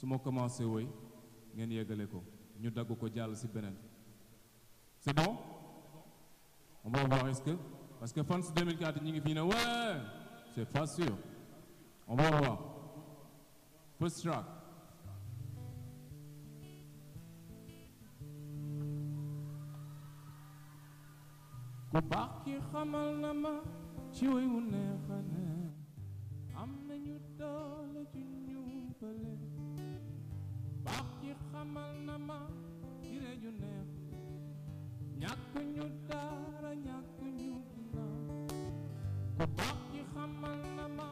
su ma commencé woy ngeen yeggale ko ñu dagg ko jàll ci beneen c'est bon on est-ce que parce que fans 2004 ñi ngi fi ne ouais c'est pas sûr on va ku baax ki xamal na ma ci woy wu neex a neex am nañu doole ci ñu bële amal na ma yire ju neex ñàkk ñu dara ñàkk ñu ginnaaw ku na ma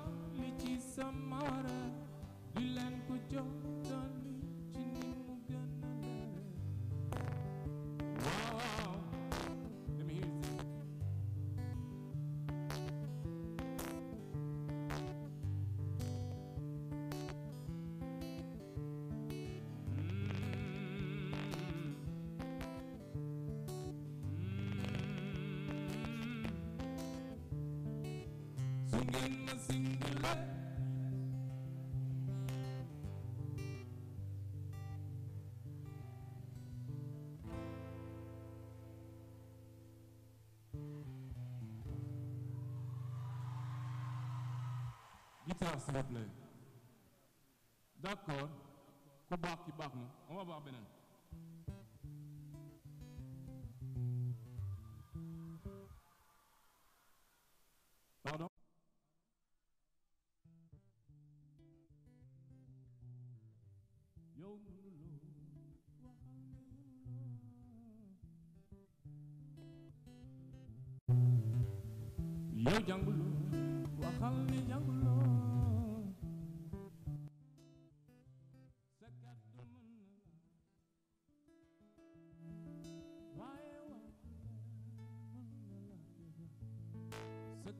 guitare s'il vous plaît ku baax ki baax na on va voir beneen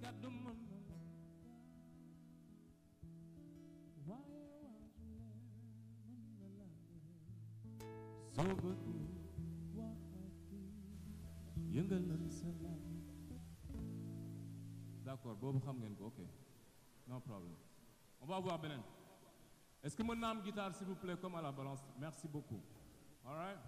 kàddu mën na waaye waaju leen mën na la sa laaj d'accord boobu xam ngeen ko ok non problème on va beneen est-ce que mën naa am guitare s'il comme à la balance merci beaucoup all right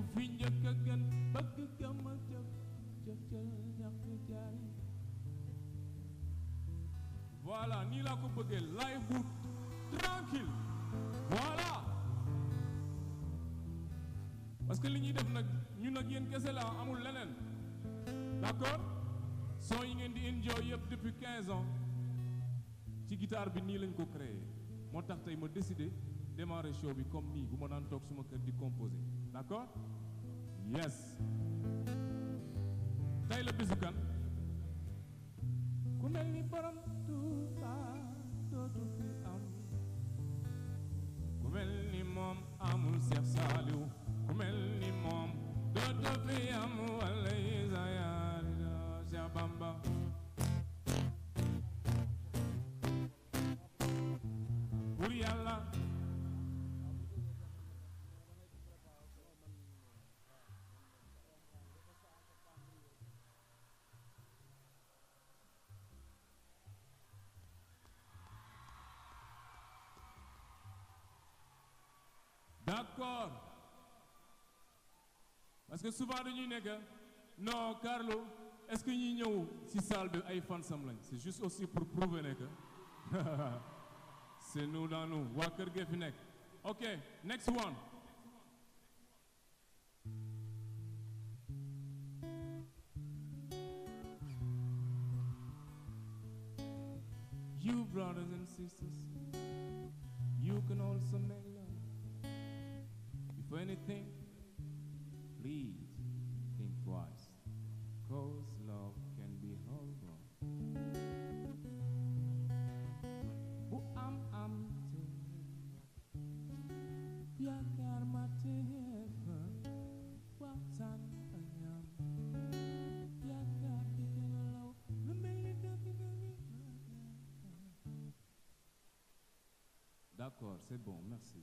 ku fi njëkk a gën bëgg gëma cëf cëf cël ñàkk jaay voilà nii laa ko bëggee live bu tranquille voilà parce que li ñuy def nag ñun nag yéen kese la amul leneen d'accord son yi ngeen di enjoy yëpp depuis 15 ans ci gitaar bi nii lañ ko créé moo tax tey ma décidé démarrer show bi comme nii bu ma daan toog suma kër di composé d'accord yes tey la bisu kan ku mel ni borom Tuuba dootul fi am ku ni moom amul Seex Saaliw ku ni moom dootul fi am walla yi sa yaari doo Bamba pour yàlla d'accord parce que souvent dañuy nekk non Carlou est-ce que ñuy ñëw ci salle bi ay lañ c'est juste aussi pour prouver ne c'est nous dans nous waa kër nekk ok next one. If anything, please think twice, cause love can be horrible. Who am I to? Biarkan mati berwatan penyam. Biarkan kita lalu memilih daki daki. D'accord, c'est bon, merci.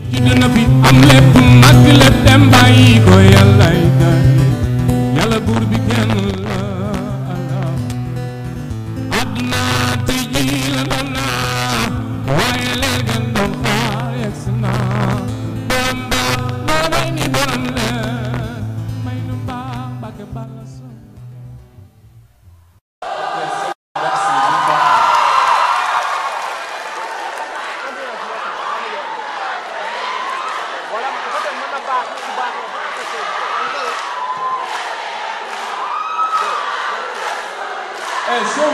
nit judd na fi am lépp mag lépp dem bàyyi ko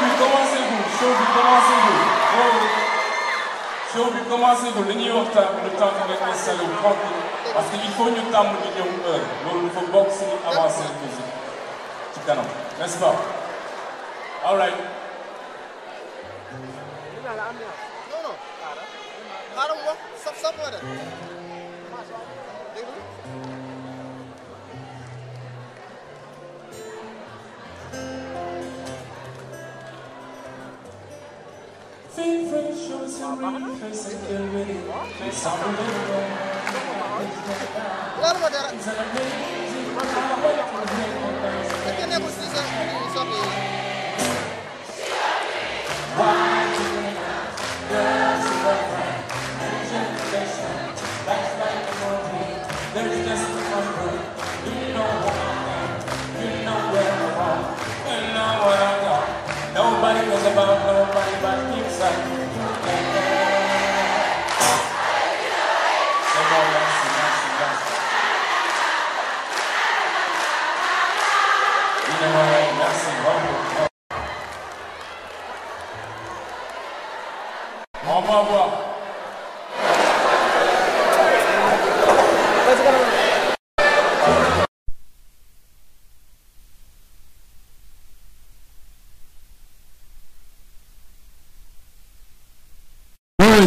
bi commencé gul show bi commencé gul loolu show bi commencé gul li ñuy waxtaan le temps que nga installé wu tranquille parce que il faut ñu tàmm di ñëw heure loolu dafa bokk si avancé physique ci kanam n'est-ce pas all right. xaaral ma saf saf moo de lan moo dara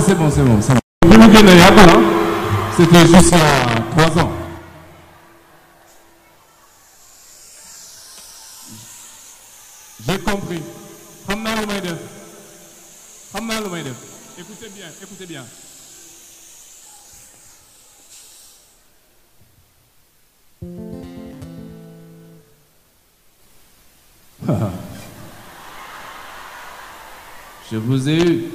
c'est bon, c'est bon, c'est bon. C'était juste il y a 3 ans. J'ai compris. xam naa lu may def xam naa lu may def écoutez bien écoutez bien. Je vous ai eu.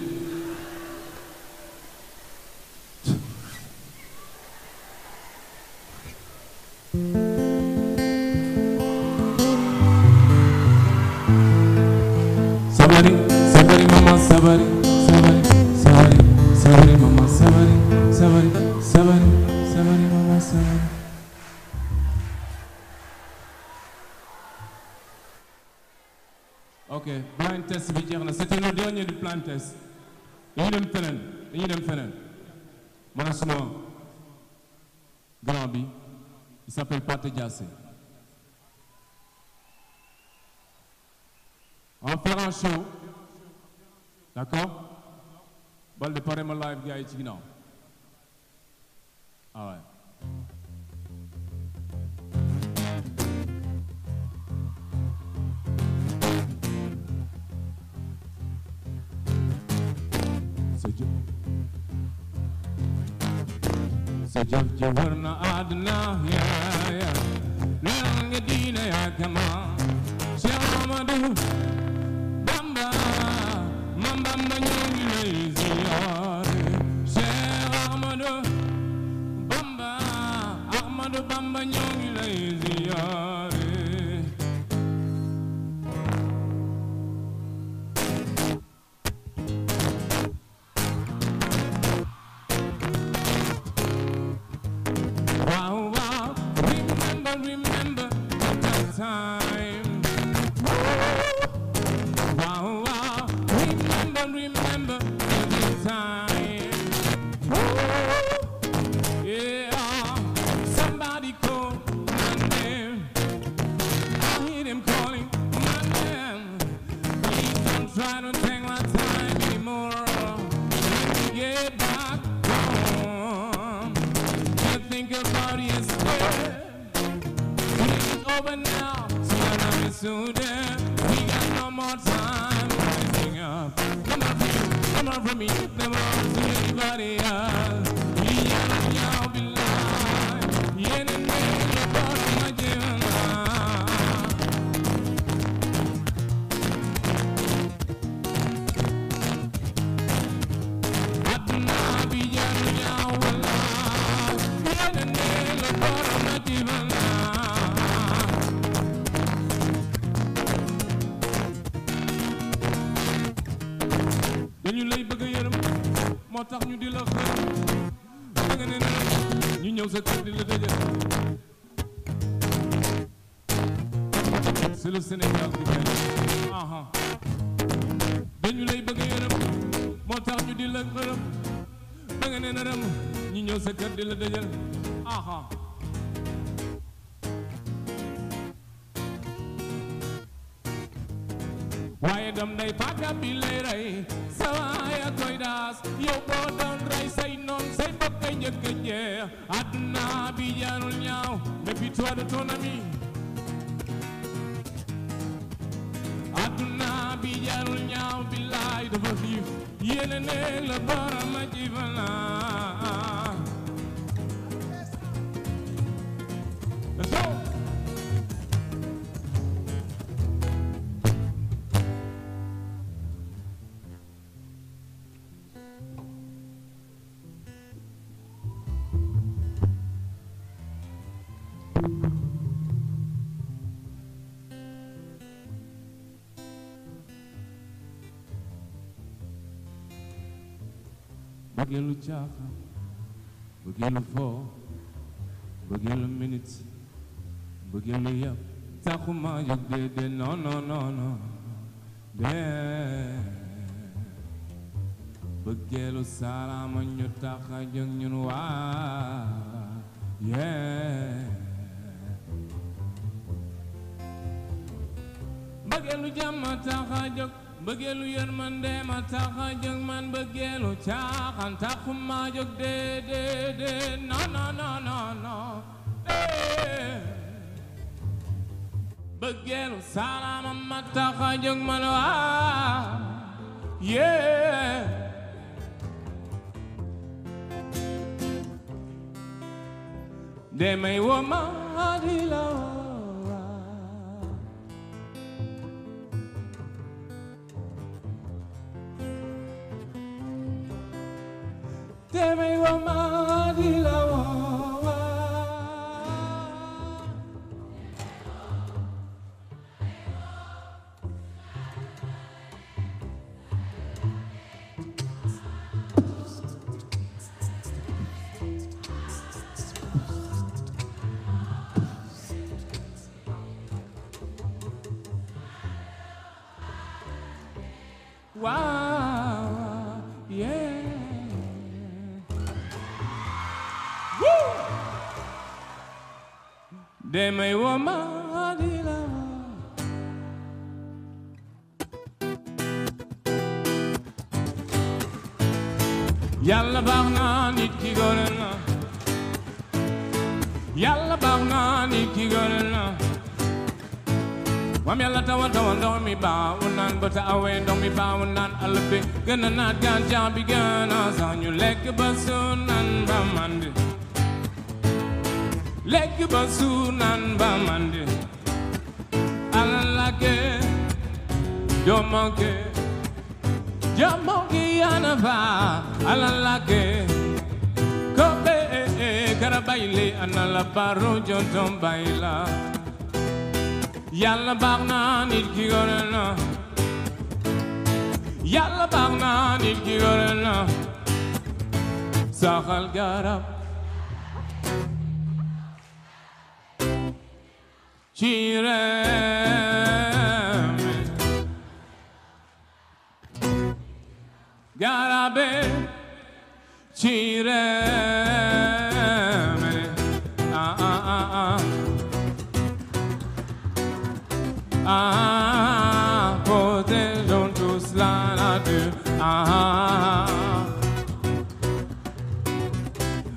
Fata Diassé. en faisant show d'accord Balde pare ma live gars yi ci ginnaaw ah ouais. sa jëf ja wër na àdduna yaa yaa leeral nga diine yaa kama Seex Amadu Bamba mam Bamba ñoo ngi lay ziyaar Seex Amadu Bamba Amadu Bamba ñoo lay ziyaar to them. We got no more time to up. Come on, come on for me. Never to anybody else. dañu lay bëgg a yërëm moo tax ñu di la ñu ñëw sa bi kenn aha dañu lay bëgg a moo tax ñu di la xërëm da ne na rem ñu ñëw sa kër di la dëjël dem day paaka bi lay rey sa waaya boo doon rey say noon say bokkay njëkk a jeex bi jaarul ñaaw depuis toi de ton ami bi jaarul ñaaw billaay dafa xiif yéene ne la borom a bëggeelu caaxaan bëggeelu foo bëggeelu minute bëggeelu yàpp taxuma jóg déedéet non non non non dee bëggeelu salaama ñu tax a jóg ñun waa yee bëggeelu jàmm tax a jóg mbëggeelu yoon man de ma tax a jóg ma jóg de de de non non non non non mbëggeelu salaama ma waa yee de may wo ma Te me Deme wama adila Yàlla baax na nit ki gore na Yàlla baax na nit ki Wam Yàlla tawa tawa ndox baax wu naan bata awe ndox baax wu naan àll bi gën a naat gàncax bi gën lekk ba su ba màndi lekk ba suur naan ba màndi alal làkke jommoke jommoke yaana fa alal làkke ko be eh, eh, kara bayle ana la baro jonton bayla yàlla baax nit ki gore na yàlla nit ki gore na garab Cirem Garabe Cirem ah, ah, ah, ah. ah Protejons tous la nature ah, ah,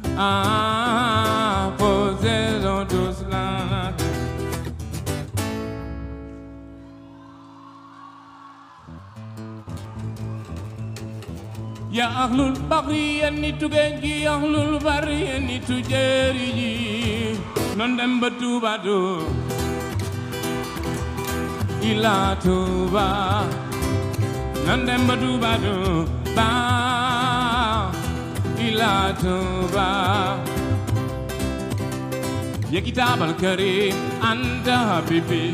ah. ah. ah يا أهل البحر يني تجي يا أهل البحر يني تجري نندم بتوبة دو إلى توبة نندم بتوبة دو با إلى توبة يا كتاب الكريم أنت حبيبي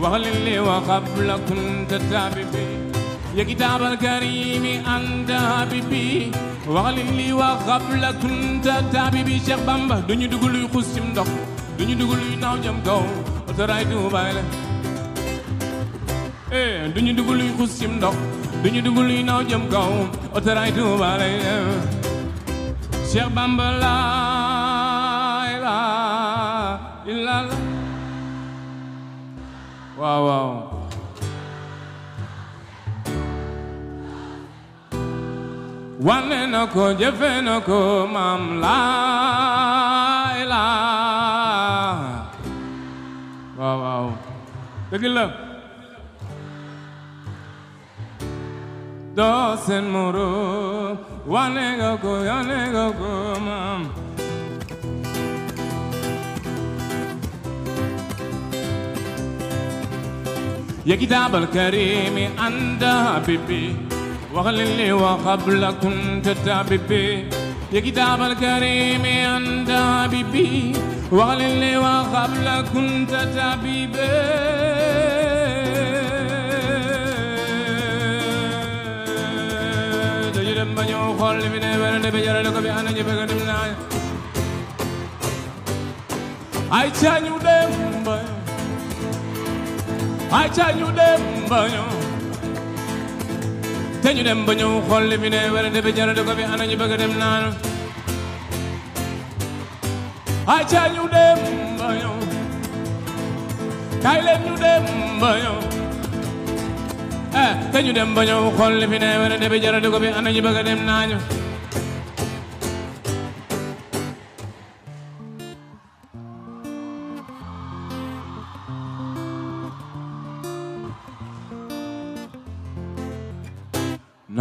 وخلي لي وقبل كنت حبيبي يا كتاب الكريم أنت حبيبي waxal li wax xabla kunta tabibi Cheikh Bamba duñu dugg luy xus ci ndox duñu dugg luy naaw jëm kaw autoraay Dubaay la duñu dugg luy xus ci ndox duñu dugg luy naaw jëm kaw autoraay Dubaay la Cheikh Bamba la ilaha illallah waaw waaw wane na ko jëfe na ko laay waaw waaw dëgg la doo moro wane nga ko wane nga ya kitaab karimi anda habibi واغل اللي وقبل كنت تعبي يا كتاب الكريم أنت حبيبي واغل اللي وقبل كنت تعبي ba ñëw xool li fi ne werante bi jarale ko bi ana ñi bëgg dim naa ay ca ñu dem ba ay ca ñu dem ba ñu dem ba ñëw xool li fi ne werante bi jarade ko fi ana ñu bëgg dem naanu aca ñu dem ba ñëw kaay leen ñu dem ba ñëw eh dañu dem ba ñëw xool li fi ne werante bi jarade ko fi ana ñu naañu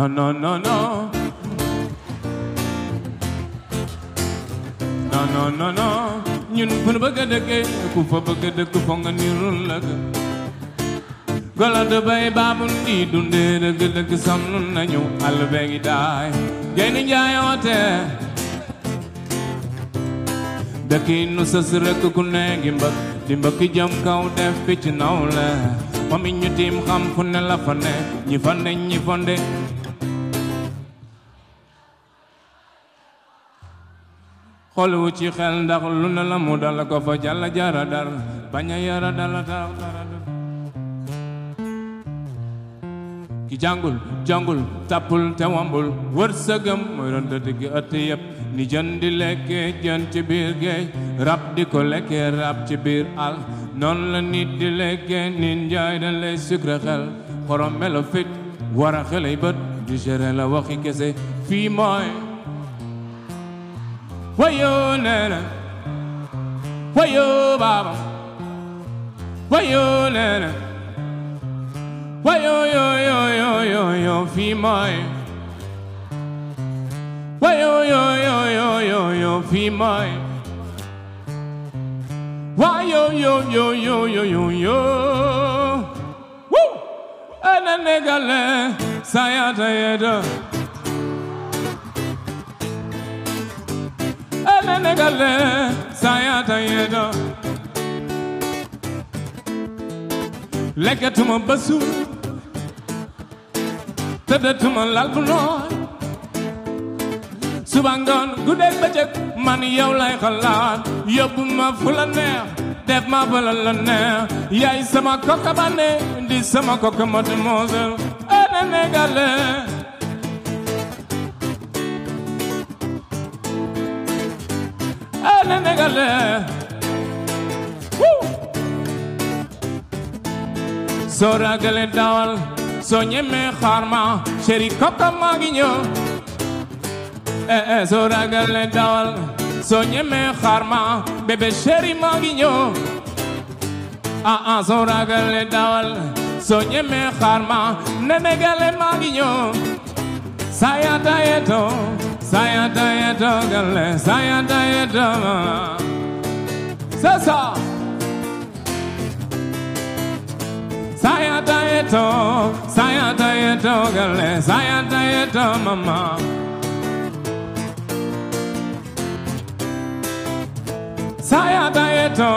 No, no, no, no. No, no, no, no. ñun fa nu bëgg a dëkkee ku fa bëgg a dëkk fo nga nirul la ga golonto bay baabul di dundee dëgg dëgg sonn nañu àll bee ngi daay gay nu njaayoote dëkk yi nu sës rek ku ne ngi mbëkk di mbëkk jëm kaw def picc naw la moom it ñu tiim xam fu ne la fa ne ñi fa ne ñi fonde xolwu ci xel ndax lu na la mu dal ko fa jàll jara dar bañ a yara dala tax dara ki jàngul jàngul tàppul te wambul wërsëgam mooy doon te ëtt yëpp ni jën di lekke jën ci biir géej rab di ko lekke rab ci biir àll noonu la nit di lekke nit njaay dañ lay xel xorom melo fit war a xelay bët digéré la waxi kese fii mooy wayo nana wayo baba wayo nana wayo yo yo yo yo yo fi moy wayo yo yo yo yo yo fi moy wayo yo yo yo yo yo Sénégal sayata yedo lekkatuma basu tëddatuma lal bu nooy suba ngoon guddeeg bëccëg man yow lay xalaat yóbbu ma fu la neex def ma fu la neex yaay sama kokka banne di sama kokka ma di moosel Sénégal ställe Woo! soo ragale dawal soo ñemee xaar ma chéri kooka maa ngi ñëw eh eh dawal soo ñemee xaar ma bébé chéri maa ngi ñëw ah ah dawal soo ñemee xaar ma nene gale maa ngi ñëw sayata yeto sayata yeto gale sayata yeto Sasa Sayata yeto, sayata yeto gale, sayata yeto mama. Sayata yeto,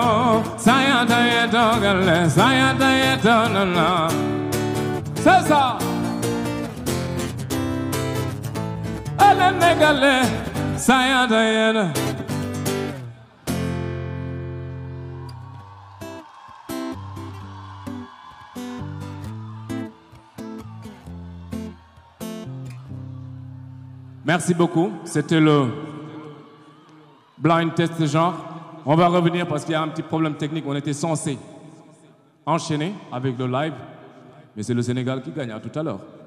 sayata yeto gale, sayata yeto nana. Sasa Alene gale, sayata yeto. Merci beaucoup. C'était le blind test genre. On va revenir parce qu'il y a un petit problème technique. On était censé enchaîner avec le live, mais c'est le Sénégal qui gagne. tout à l'heure.